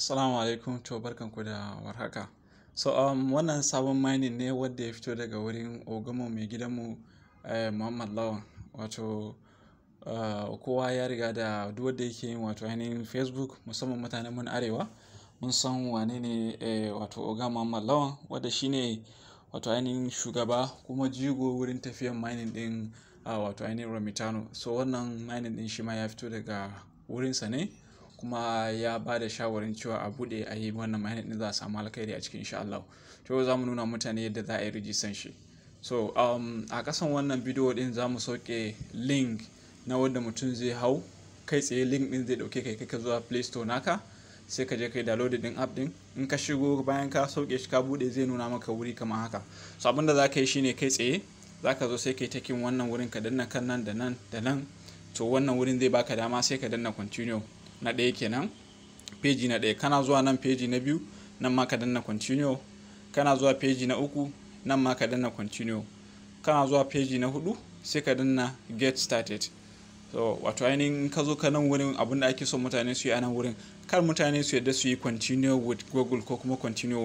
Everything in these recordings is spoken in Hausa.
Assalamu alaikum to barkanku da warhaka. So um, wannan sabon mining ne wadda ya fito daga wurin ogamo mai gidanmu eh, Muhammad Lawan. Wato uh, kowa ya riga da duk wanda yake yin wato ainihin Facebook musamman mutanen mun arewa mun san wane ne eh, wato oga Muhammad Lawan wadda shi ne wato ainihin shugaba kuma jigo wurin tafiyan mining din uh, ah, wato ainihin Ramitano. So wannan mining din shi ma ya fito daga wurinsa ne. kuma ya ba da shawarin cewa a bude a yi wannan mining ɗin za a samu alkhairi a cikin insha to za mu nuna mutane yadda za a yi rijistan shi so um, a ƙasan wannan bidiyo ɗin za mu sauke link na wanda mutum zai hau kai tsaye link din zai ɗauke kai kai zuwa play store naka sai ka je kai download din app din in ka shigo bayan ka sauke shi ka bude zai nuna maka wuri kamar haka so abin da za ka yi shine kai tsaye za ka zo sai kai takin wannan wurin ka danna kan nan da nan da nan to wannan wurin zai baka dama sai ka danna continue na ɗaya kenan peji na ɗaya kana zuwa nan peji na biyu nan ma ka danna continue kana zuwa peji na uku nan ma ka danna continue kana zuwa peji na hudu sai ka danna get started so wato ainihin ka zo ka nan wurin abin da ake so mutane su yi a nan wurin kar mutane su yadda su yi continue with google ko kuma continue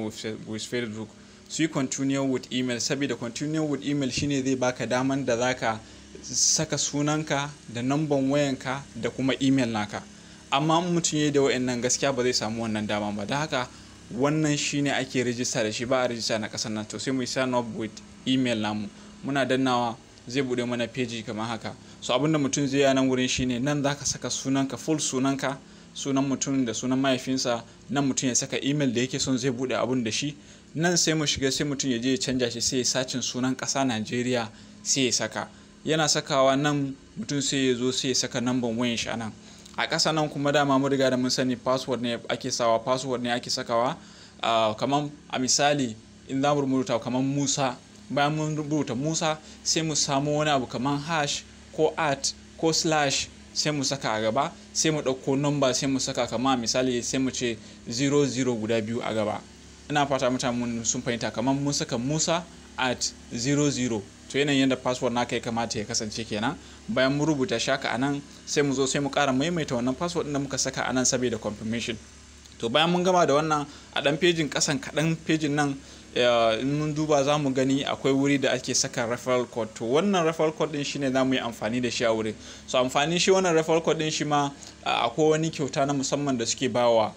with facebook su yi continue with email saboda continue with email shine zai baka daman da zaka saka sunanka da namban wayanka da kuma email naka amma mutum ya yi da wa'annan gaskiya ba zai samu wannan dama ba da haka wannan shine ake rijista da shi ba a rijista na kasar nan to sai mu yi sign up with email namu muna dannawa zai bude mana peji kamar haka so abinda mutum zai yi nan wurin shine nan zaka saka sunanka full sunanka sunan mutum da sunan mahaifinsa nan mutum ya saka email da yake son zai bude abun da shi nan sai mu shiga sai mutum ya je ya canja shi sai ya sacin sunan ƙasa Najeriya sai ya saka yana sakawa nan mutum sai ya zo sai ya saka number wayan shi anan a ƙasa nan kuma dama mun riga da mun sani password ne ake sawa password ne ake sakawa kamar a misali in za mu rubuta kamar musa bayan mun rubuta musa sai mu samu wani abu kamar hash ko at ko slash sai mu saka a gaba sai mu ɗauko number sai mu saka kamar misali sai mu ce 00 guda biyu a gaba ina fata mutane sun fahimta kamar mun saka musa at 00 to yanayin yadda password naka ya kamata ya kasance kenan bayan mu rubuta shaka a nan sai mu zo sai mu kara maimaita wannan password ɗin da muka saka anan saboda confirmation to bayan mun gama da wannan a ɗan pejin kasan kaɗan pejin nan in mun duba za mu gani akwai wuri da ake saka referral code to wannan referral code din shine za mu yi amfani da shi a wurin so amfanin shi wannan referral code din shi ma akwai wani kyauta na musamman da suke bawa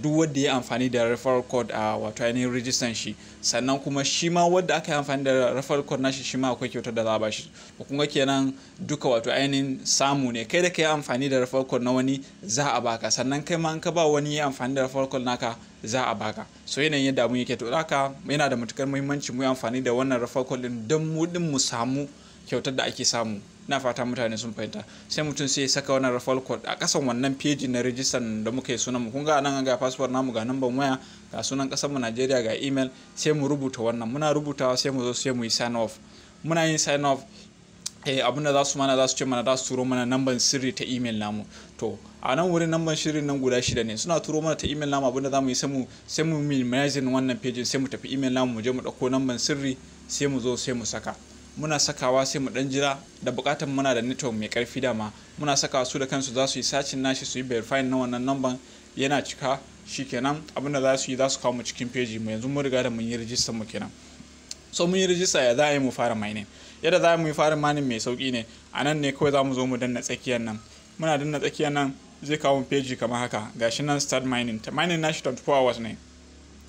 duk wanda ya amfani da referral code a wato ainihin register shi sannan kuma shi ma wanda aka yi amfani da referral code nashi shi ma akwai kyautar da za a shi kun ga kenan duka wato ainihin samu ne kai da ka yi amfani da referral code na wani za a baka sannan kai ma an ka ba wani ya amfani da referral code naka za a baka so yanayin yadda abun yake to haka yana da matukar muhimmanci mu yi amfani da wannan referral code din don mu mu samu kyautar da ake samu na fata mutane sun fahimta sai mutum sai ya saka wannan referral code a kasan wannan page na register da muka yi sunan mu kun ga nan ga passport namu ga number waya ga sunan kasar mu Najeriya ga email sai mu rubuta wannan muna rubutawa sai mu zo sai mu yi sign off muna yin sign off Eh, abinda za su mana za su ce mana za su turo mana namban sirri ta email namu to a nan wurin namban shirin nan guda shida ne suna turo mana ta email namu abinda za mu yi sai mu minimizing wannan pejin sai mu tafi email namu mu je mu dauko namban sirri sai mu zo sai mu saka muna sakawa sai mu dan jira da bukatan muna da network mai karfi dama muna sakawa su da kansu za su yi sacin nashi su yi verify na wannan namban yana cika shikenan abinda za su yi za su kawo mu cikin peji mu yanzu mun riga da mun yi register mu kenan so mun yi rijista ya za a yi mu fara mining yadda za mu yi fara mining mai sauki ne a nan ne kawai za mu zo mu danna tsakiyar nan muna danna tsakiyar nan zai kawo peji kamar haka gashi nan start mining ta mining na shi 24 hours ne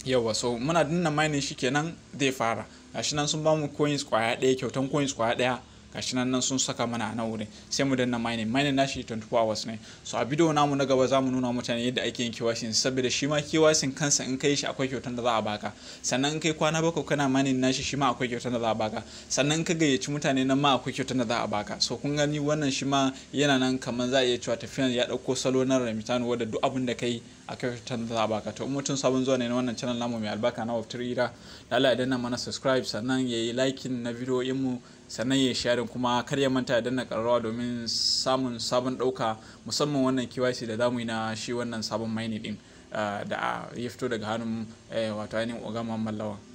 yawa so muna danna mining shi kenan zai fara gashi nan sun ba mu coins kwaya daya kyautan coins kwaya daya gashi nan nan sun saka mana a nan wurin sai mu danna mining mining nashi 24 hours ne so a bidiyo namu na gaba zamu nuna mutane yadda ake yin kiwashin saboda shi ma kiwashin kansa in kai shi akwai kyautar da za a baka sannan in kai kwana bakwai kana mining nashi shi ma akwai kyautar da za a baka sannan in ka gayyaci mutane nan ma akwai kyautar da za a baka so kun gani wannan shi ma yana nan kamar za a iya cewa tafiyan ya dauko salo na ramitan wadda duk abin da kai a kyautar da baka to mutum sabon zuwa ne na wannan channel namu mai albarka na waftirira da Allah ya danna mana subscribe sannan ya yi na na bidiyoyin mu sannan ya sharing kuma kar ya manta ya danna karrawa domin samun sabon dauka musamman wannan KYC da zamu yi na shi wannan sabon mining din eh, da ya fito daga hannun eh, wato ainihin ogama mallawan